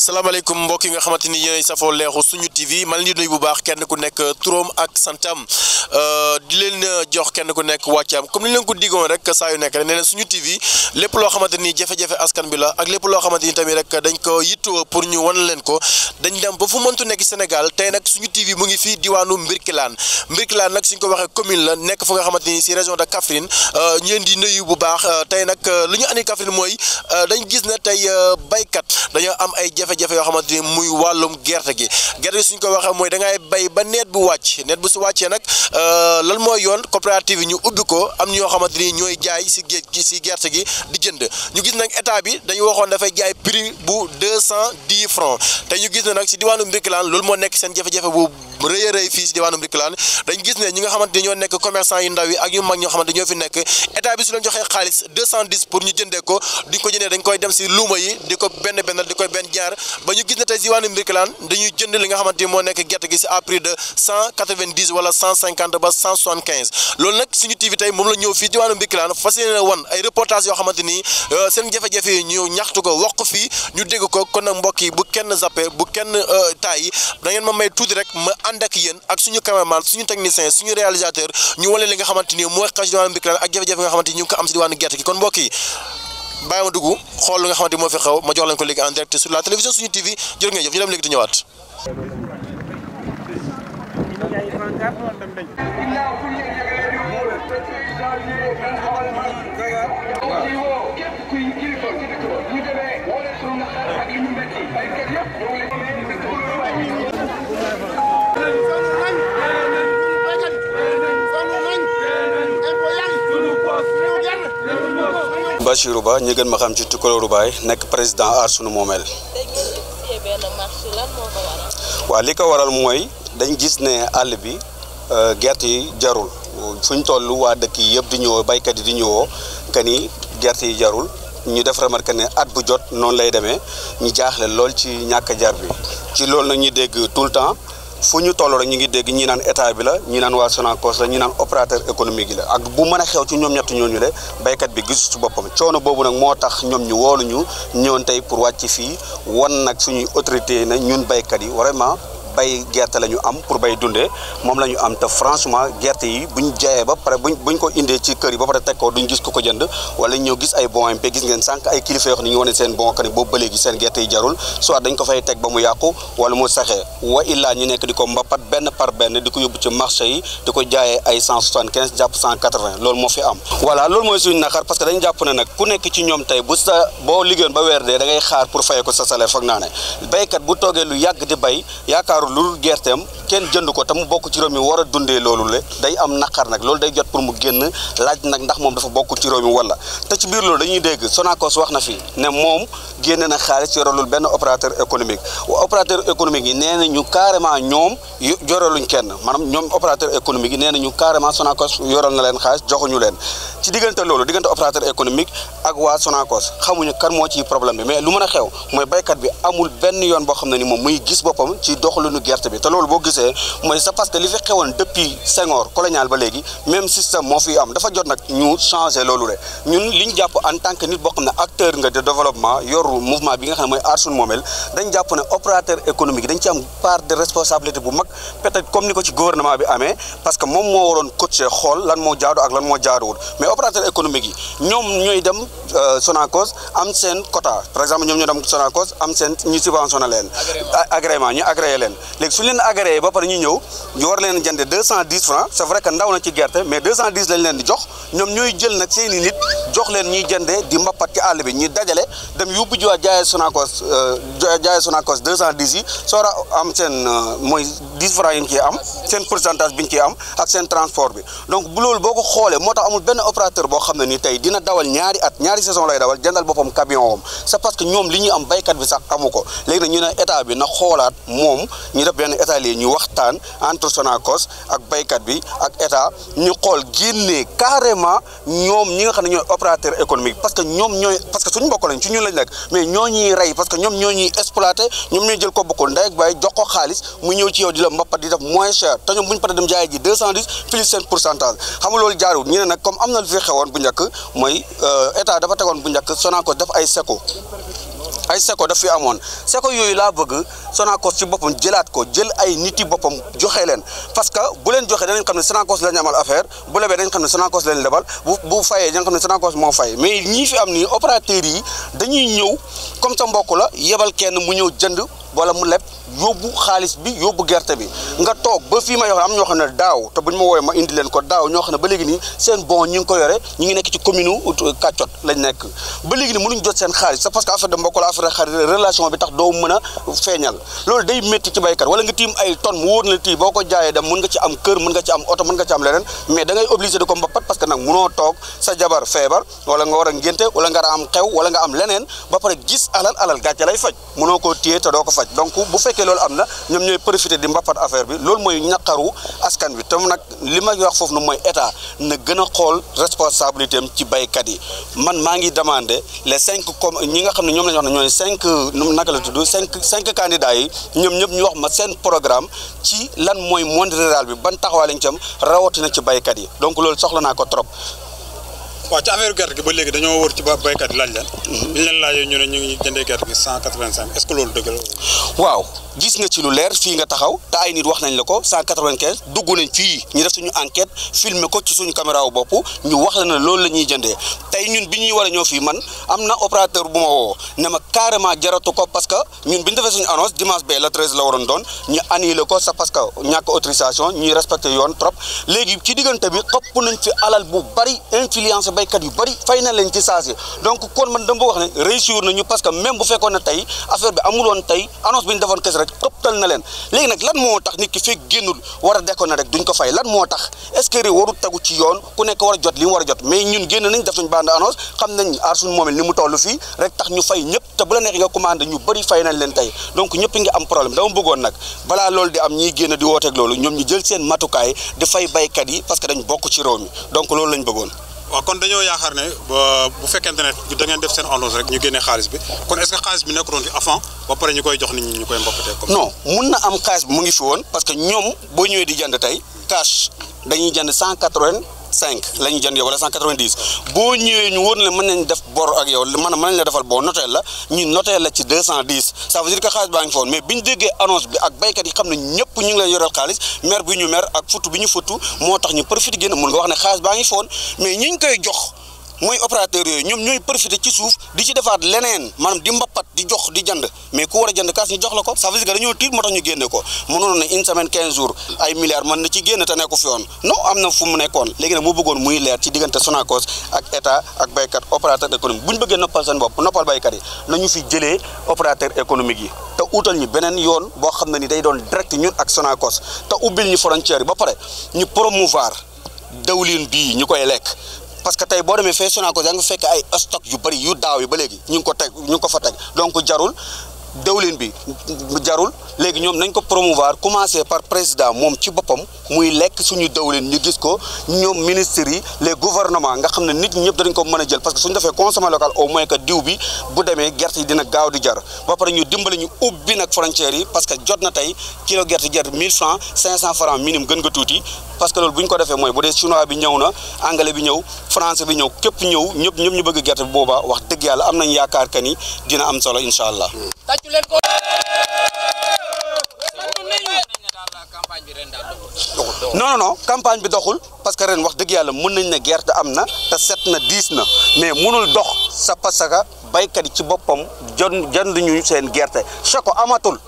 salaamaaleykum mbokk yi nga xamante ni yéenay safoo leexu suñu TV man li nuy bu baax kenn ku nekk turam ak santam euh, di leen euh, jox kenn ku nekk wàccaam comme ni leen ko diggoon rek saa yu nekk rek suñu TV lépp loo xamante ni jafe askan bi la ak lépp loo xamante ni tamit rek dañ ko yittoo pour ñu wan leen ko dañ dem ba fu mëntu nekk Sénégal tey nag suñu TV mu ngi fii diwaanu Mbirkilaan Mbirkilaan nag suñ ko waxee commune la nekk fu nga xamante ni si région de Kaffrine euh, ñu leen di nuyu bu baax tey nag li ñu andi Kaffrine mooy dañ gis ne tey baykat dañoo am ay jafe jafe yoo xamante ni muy wàllum gerte gi gerte gi suñ ko waxee mooy da ngay bay ba neet bu wàcc neet bu si wàccee nag euh, lan mooy yoon coopérative yi ñu ubbi ko am ñoo xamante ni ñooy jaay si géej gi si gerte gi di jënd ñu gis nag état bi dañu waxoon dafay jaay prix bu deux cent dix francs te ñu gis ne nag si diwaanu Mbirkilaan loolu moo nekk seen jafe-jafe bu bu rëy a rëy fii si diwaanum Birkelane dañ gis ne ñi nga xamante ni ñoo nekk commerçant yu ndaw yi ak yu mag ñoo xamante ñoo fi nekk état bi su leen joxee xaalis 210 pour ñu jëndee ko di ko jëndee dañ koy dem si luuma yi di ko benn benn di koy benn jaar ba ñu gis ne tey si diwaanum Birkelane dañuy jënd li nga xamante ni moo nekk gerte gi si à prix de 190 wala 150 ba 175 loolu nag suñu TV tey moom la ñëw fii diwaanum Birkelane fas yéene wan ay reportage yoo xamante ni euh, seen jafe-jafe yi ñu ñaxtu ko wax ko fii ñu dégg ko kon nag mbokk yi bu kenn zappe bu kenn euh, taay da ngeen ma may tuuti rek ma ànd ak yéen ak suñu cameraman suñu technicien suñu réalisateur ñu wane li nga xamante ni mooy xas diwaanu Birkelane ak jafe-jafe nga xamante ni ñu ko am si diwaanu gerte gi kon mbokk yi bàyyi ma dugg xool li nga xamante ni moo fi xaw ma jox leen ko léegi en direct sur la télévision suñu TV jërë ngeen jëf ñu dem léegi di ñëwaat Bachirou Ba ñu gën ma xam ci Tukulóoru Baay nekk président aar sunu moomeel. waaw li ko waral mooy dañ gis ne àll bi euh, gerte yi jarul fu ñu toll waa dëkk yi yëpp di ñëwoo baykat yi di ñëwoo que ni gerte yi jarul ñu def remarque ne at bu jot noonu lay demee ñu jaaxle lool ci ñàkk jar bi ci loolu nag ñu dégg tout le temps. fu ñu toll rek ñu ngi dégg ñi naan état bi la ñi naan waa Sonacos la ñi naan opérateur économique la ak bu mën a xew ci ñoom ñett ñooñu le béykat bi gisu ci boppam coono boobu nag moo tax ñoom ñu woolu ñu ñëwoon tey pour wàcc fii wan nag suñuy autorité na ñun baykat yi vraiment bay gerte la ñu am pour bay dundee moom la ñu am te franchement gerte yi buñ jaayee ba pare buñ ko indee ci kër yi ba pare teg ko duñ gis ko ko jënd wala ñëw gis ay bon MP gis ngeen sànq ay kilifa yoo xam ne ñu wane seen gerte yi jarul soit dañ ko fay teg ba mu yàqu wala mu saxee wa illaa ñu nekk di ko mbapat benn par benn di ko yóbbu ci marché yi di ko jaayee ay 175 jàpp 180 loolu moo fi am voilà loolu mooy suñu naqar parce que dañ jàpp ne nag ku nekk ci ñoom tey bu sa boo liggéeyoon ba weer dee da ngay xaar pour fayee ko sa salaire foog toogee lu yàgg di bay yaakaaru lu dul gerteem kenn jënd ko te mu bokk ci réew mi war a dundee loolu le day am naqar nag loolu day jot pour mu génn laaj nag ndax moom dafa bokk ci réew mi wala te ci biir loolu dañuy dégg Sonacos wax na fi ne moom génne na xaalis yoralul benn opérateur économique opérateur économique yi nee nañu carrément ñoom yoraluñ kenn maanaam ñoom opérateur économique yi nee nañu carrément Sonacos yoral na leen xaalis joxuñu leen ci diggante loolu diggante opérateur économique ak waa Sonacos xamuñu kan moo ci problème bi mais lu mën a xew mooy baykat bi amul benn yoon boo xam ne ni moom muy gis boppam dund gerte bi te loolu boo gisee mooy c'est parce que li fi xewoon depuis Senghor colonial ba léegi même système moo fi am dafa jot nag ñu changé loolu rek ñun li ñu jàpp en tant que nit boo xam ne acteur nga de développement yoru mouvement bi nga xam ne mooy aar am part de responsabilité bu mag peut-être comme ni ko ci gouvernement bi amee parce que moo waroon coacher xool moo jaadu ak lan moo jaaduwul mais opérateur économique yi ñoom ñooy dem euh, Sonacos am seen quota par exemple ñoom ñoo dem Sonacos am seen ñu subventionné leen agrément ñu leen léegi su ñu leen agréé ba pare ñu ñëw ñu war leen jënde 210 francs c'est vrai que ndaw na ci gerte mais 210 lañ leen di jox ñoom ñooy jël nag seen nit jox leen ñuy jëndee di mbappat ci àll bi ñuy dajale dem yóbbu jiwaat jaayee Sonacos euh, jaayee Sonacos 210 yi soora am seen euh, mooy 10 francs yi ñu ciy am seen pourcentage bi ñu ciy am ak seen transport bi donc bu loolu boo ko xoolee moo tax amul benn opérateur boo xam ne ni tey dina dawal ñaari at ñaari saison lay dawal jëndal boppam camion wam parce que ñoom li ñuy am baykat bi sax amu ko léegi nag ñu ne état bi na xoolaat moom ñu def benn atelier ñu waxtaan entre Sonacos ak baykat bi ak état ñu xool génnee carrément ñoom ñi nga xam ne ñooy opérateur économique parce que ñoom ñooy parce que suñu mbokk lañ ci ñun lañ nekk mais ñoo ñuy rey parce que ñoom ñoo ñuy exploité ñoom ñooy jël ko bokkul ndey ak jox ko xaalis mu ñëw ci yow di la mbappat di def moins cher te ñoom bu ñu paree dem jaay ji deux cent dix plus seen pourcentage xam nga loolu jaarul ñu nag comme am na lu fi xewoon bu njëkk mooy euh, état dafa tegoon bu njëkk Sonacos def ay seko ay seko daf fi amoon seko yooyu laa bëgg Sonacos ci boppam jëlaat ko jël ay nit yi boppam joxe leen parce que bu leen joxe danañ xam ne Sonacos lañ amal affaire bu lebee dañ xam ne Sonacos lañ lebal bu bu fayee dañ xam ne Sonacos moo fay mais ñii fi am nii opérateurs yi dañuy ñëw comme sa mbokk la yebal kenn mu ñëw jënd. wala mu leb yóbbu xaalis bi yóbbu gerte bi nga toog ba fi ma yoo am ñoo xam ne daaw te bu ñu ma woowee ma indi leen ko daaw ñoo xam ne ba léegi nii seen bon ñi ngi ko yore ñu ngi nekk ci commune lañ nekk ba léegi nii mënuñ jot seen xaalis c'est parce que affaire de mbokk bi tax doo mën loolu day métti ci baykat wala nga tiim ay tonne mu wóor na tii boo ko jaayee dem mun nga ci am kër mën nga ci am oto mën nga am leneen mais da ngay obligé de ko mbapat parce que nag mënoo toog sa jabar feebar wala nga war a ngénte wala nga am xew wala nga am leneen ba pare gis alal alal gàcce lay faj mënoo koo téye te doo ko faj donc bu fekkee loolu am na ñoom ñooy profité di mbappat affaire bi loolu mooy ñaqaru askan bi tam nag li ma wax foofu nu mooy état na gën a xool responsabilité am ci baykat yi man maa ngi demandé les cinq comme ñi nga xam ne ñoom la ñu wax ne ñooy cinq naka la tudd cinq cinq candidats yi ñoom ñëpp ñu wax ma seen programme ci lan mooy monde rural bi ban taxawaay lañ ci am rawatina ci baykat yi donc loolu soxla naa ko trop waaw ci affaire gerte gi ba léegi dañoo wër ci ba béykat yi laaj leen. Mhm. bi ñu leen laajee ñu ne ñu ngi jëndee gerte gi cent quatre vingt cinq est ce que loolu dëgg la. waaw. gis nga ci lu leer fii nga taxaw te ay nit wax nañ la ko 195 dugg nañ fii ñu def suñu enquête filmer ko ci suñu caméra wu bopp ñu wax la ne loolu la ñuy jëndee tey ñun bi ñuy war a ñëw fii man am na opérateur bu ma woo ne ma carrément jaratu ko parce que ñun bi ñu defee suñu annonce dimanche bee la 13 la waroon doon ñu annulé ko sa parce que ñàkk autorisation ñuy respecté yoon trop léegi ci diggante bi xëpp nañ fi alal bu bari influence béykat yu bari fay na leen ci saasi donc kon man dama wax que même bu fekkoon ne tey affaire bi amuloon tey annonce rek toptal na leen léegi nag lan moo tax nit ki fekk génnul war a dekkoon na rek duñ ko fay lan moo tax est ce que réew warul tegu ci yoon ku nekk war a jot li mu war a jot mais ñun génn nañ def suñ bande xam nañ aar suñ ni mu toll fii rek tax ñu fay ñëpp te bu la neexee nga commandé ñu bëri fay nañ leen tey donc ñëpp ngi am problème dama bëggoon nag balaa loolu di am ñiy génn di wooteeg loolu ñoom ñu jël seen matukaay di fay baykat yi parce que dañ bokk ci réew mi donc loolu lañ bëggoon waaw kon dañoo yaakaar ne bu fekkente ne da ngeen def seen annonce rek ñu génnee xaalis bi kon est que xaalis bi nekkuloon fi avant ba pare ñu koy jox nit ñi ñu koy mbokkatee comme non mun na am xaalis bi mu ngi fi woon parce que ñoom boo ñëwee di jënd tey cash dañuy jand cent quatre-vingts cinq lañu ñu jënd yow wala cent quatre vingt dix boo ñëwee ñu wóor na mën nañ def bor ak yow mën mën nañ la defal boo noteel la ñu la ci deux cent dix ça veut dire que xaalis baa ngi foon mais bi ñu déggee annonce ak béykat yi xam ne ñëpp ñu ngi leen yoral xaalis maire bi ñu maire ak futt bi ñu futt moo tax ñu profité génn mun nga wax ne xaalis baa ngi foon mais ñi koy jox mooy opérateur yooyu ñoom ñooy profité ci suuf di ci defaat leneen maanaam di mbappat di jox di jand mais ku war a jënd kaas ñu jox la ko ça veut dire que dañoo tiit moo tax ñu génne ko mënoon na une semaine 15 jours ay milliards mën na ci génn te nekku fi woon non am na fu mu nekkoon léegi nag mu bëggoon muy leer ci ak état ak baykat opérateur bu ñu bëggee noppal seen bopp noppal baykat yi nañu fi jëlee opérateur économique yi te utal ñu beneen yoon boo xam ne ni day doon direct ñun ak Sonacos te ubbil ñu frontière yi ba pare ñu promouvoir dawlin bii ñu koy lekk parce que tey boo demee fee Sonacos yaa ngi fekk ay stock yu bëri yu daaw yi ba léegi ñu ngi ko teg ñu ko fa teg donc jarul dëwlin bi jarul léegi ñoom nañ ko promouvoir commencer par président moom ci boppam muy lekk suñu dëwlin ñu gis ko ñoom ministres yi les gouvernement nga xam ne nit ñëpp dañ ko mën a jël parce que suñu defee consommer local au moins que diw bi bu demee gerte yi dina gaaw di jar ba pare ñu dimbali ñu ubbi nag frontières yi parce que jot na tey kilo gerte jar 1000 francs 500 francs minimum gën nga tuuti parce que loolu bu ñu ko defee mooy bu dee chinois bi ñëw na anglais bi ñëw français bi ñëw képp ñëw ñëpp ñëpp ñu bëgg gerte bi boobaa wax dëgg yàlla am nañ yaakaar que ni dina am solo incha allah tàccu leen ko. non non campagne bi doxul parce que ren wax dëgg yàlla mun nañ ne gerte am na te set na diis na mais munul dox sa parce que baykat yi ci boppam jënd jënduñu seen gerte chako amatul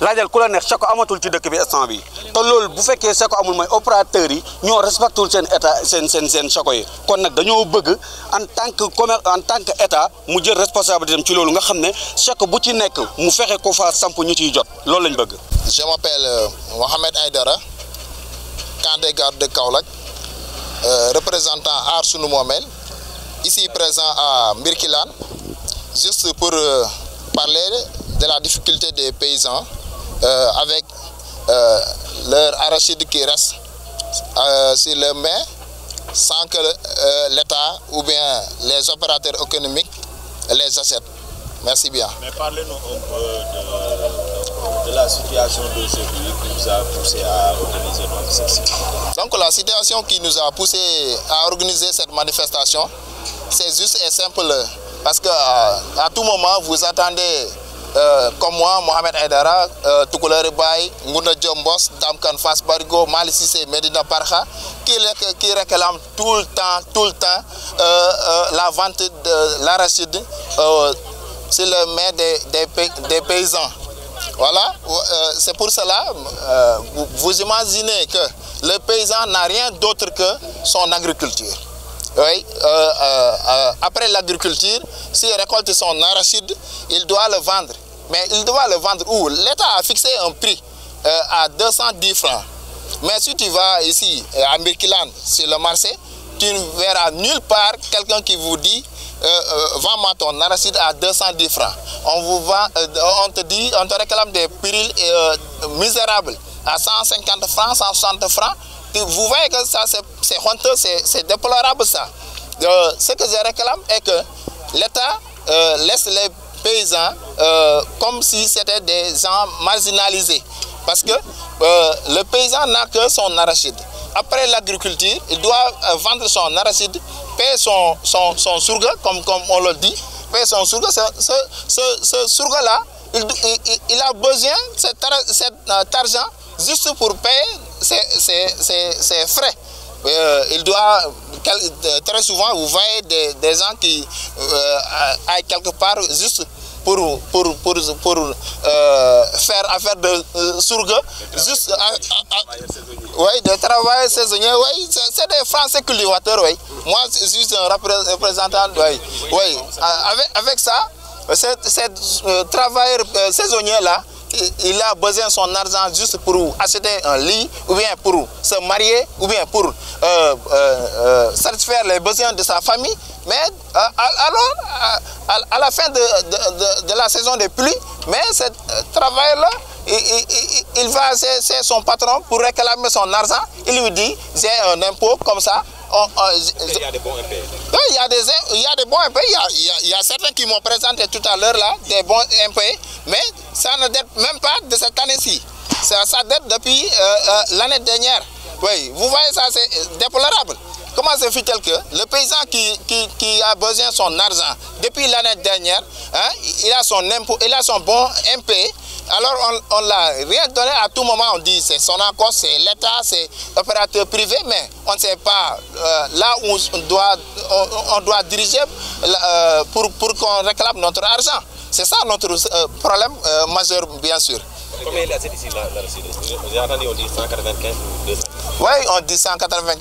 laajal ku la neex chako amatul ci dëkk bi instant bi te loolu bu fekkee seko amul mooy opérateurs yi ñoo respectul seen état seen seen seen seko yi kon nag dañoo bëgg en tant que commerce en tant que état mu jël responsabilité ci loolu nga xam ne seko bu ci nekk mu fexe ko fa samp ñu ciy jot loolu lañ bëgg. je m'appelle euh, Mohamed Aïdara candidat de Kaolack euh, représentant Aar Sunu Moomeel ici présent à Birkelane juste pour euh, parler de la difficulté des paysans euh, avec euh, leur arachide de reste euh, sur le main sans que euh, l'État ou bien les opérateurs économiques les achètent. Merci bien. la situation d'aujourd'hui qui nous a à organiser notre Donc la situation qui nous a poussé à organiser cette manifestation, c'est juste et simple parce que à, euh, à tout moment vous attendez Euh, comme moi Mohamed Aydara euh, Tukulëri Baye Ngunda Jombos Dame Kane Fass Barigo Mali Cissé Medina Parkha qui qui réclame tout le temps tout le temps euh, la vente de l'arachide sur le main des des des paysans voilà c'est pour cela vous imaginez que le paysan n'a rien d'autre que son agriculture oui, euh, euh, euh, après l'agriculture, s'il récolte son arachide, il doit le vendre. mais il doit le vendre où L'État a fixé un prix à euh, à 210 francs. Mais si tu vas ici, euh, à Mirkilan, sur le marché, tu ne verras nulle part quelqu'un qui vous dit euh, euh, vends-moi ton arachide à 210 francs. On, vous vend, euh, on te dit, on te réclame des prix euh, misérables à 150 francs, 160 francs. Vous voyez que ça, c'est honteux, c'est déplorable ça. ce que je réclame est que l'État laisse les paysans euh, comme si c'était des gens marginalisés. Parce que euh, le paysan n'a que son arachide. Après l'agriculture, il doit euh, vendre son arachide, payer son, son, son surga, comme, comme on le dit, payer son surga. Ce, surga-là, il, il, il, a besoin de cet, cet, cet euh, argent juste pour payer ses, ses, ses, ses frais. euh, il doit très souvent vous voyez des, des gens qui euh, aillent quelque part juste pour pour pour pour euh, faire affaire de euh, surga juste à, à, à, oui de travail saisonnier oui c'est des Français cultivateurs oui moi je un représentant oui euh, avec ça euh, ces ces travailleurs là il a besoin son argent juste pour acheter un lit, ou bien pour se marier, ou pour euh, euh, euh, satisfaire les besoins de sa famille. Mais euh, alors, à, à, la fin de, de, de, la saison des plus mais ce euh, travail la il, il, il, va c'est son patron pour réclamer son argent. Il lui dit, j'ai un impôt comme ça. On, on, a des bons impayés. Il a certains qui m'ont présenté tout à l'heure là, des bons impayés. Mais ça ne date même pas de cette année-ci. Ça, ça, date depuis euh, euh, l'année ça, c'est déplorable. Comment se fait le paysan qui, qui, qui, a besoin de son argent depuis l'année dernière, hein, il a son bon MP, alors on ne l'a rien donné à tout moment, on dit c'est son accord, c'est l'État, c'est l'opérateur privé, mais on ne sait pas euh, là où doit, on, doit diriger euh, pour, pour qu'on réclame notre argent. C'est ça notre euh, problème euh, majeur, bien sûr. Combien il on dit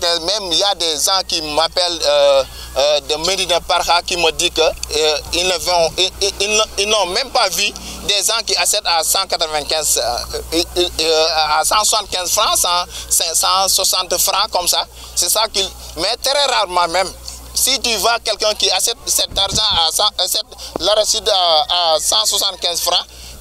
Même il y a des gens qui m'appellent euh, euh, de Médina Parha qui me disent qu'ils euh, n'ont même pas vu des gens qui achètent à 195, à 175 francs, 100, 560 francs comme ça. C'est ça qu'ils. Mais très rarement même. Si tu vends quelqu'un qui achète cet argent à 100, euh, l'arachide à, à 175 francs,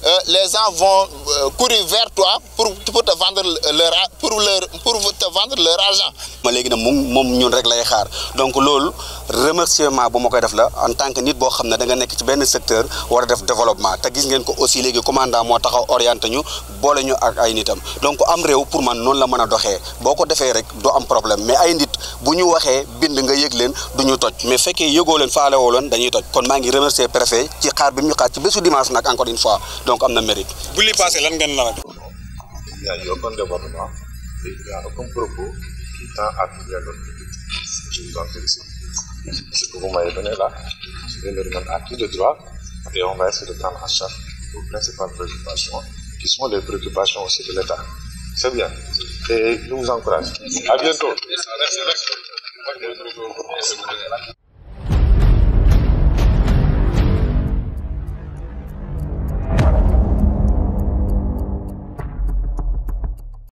euh, les gens vont euh, courir vers toi pour pour te vendre leur pour leur pour te vendre leur argent. ma léegi nag moom moom ñun rek lay xaar donc loolu. remerciement bu ma koy def la en tant que nit boo xam ne da nga nekk ci benn secteur war a def développement te gis ngeen ko aussi léegi commandant moo taxaw orienté ñu boole ñu ak ay nitam donc am réew pour man noonu la mën a doxee boo ko defee rek doo am problème mais ay nit bu ñu waxee bind nga yëg leen du ñu toj mais fekkee yëgoo leen faale woo leen dañuy toj kon maa ngi remercier préfet ci xaar bi mu ñu xaar ci bésu dimanche nag encore une fois donc am na mérite. bu ce que vous m'avez là, je le remettre à qui de droit et on va essayer de prendre en charge vos principales préoccupations, qui sont les préoccupations aussi de l'État. C'est bien. Et je vous encourage. À bientôt.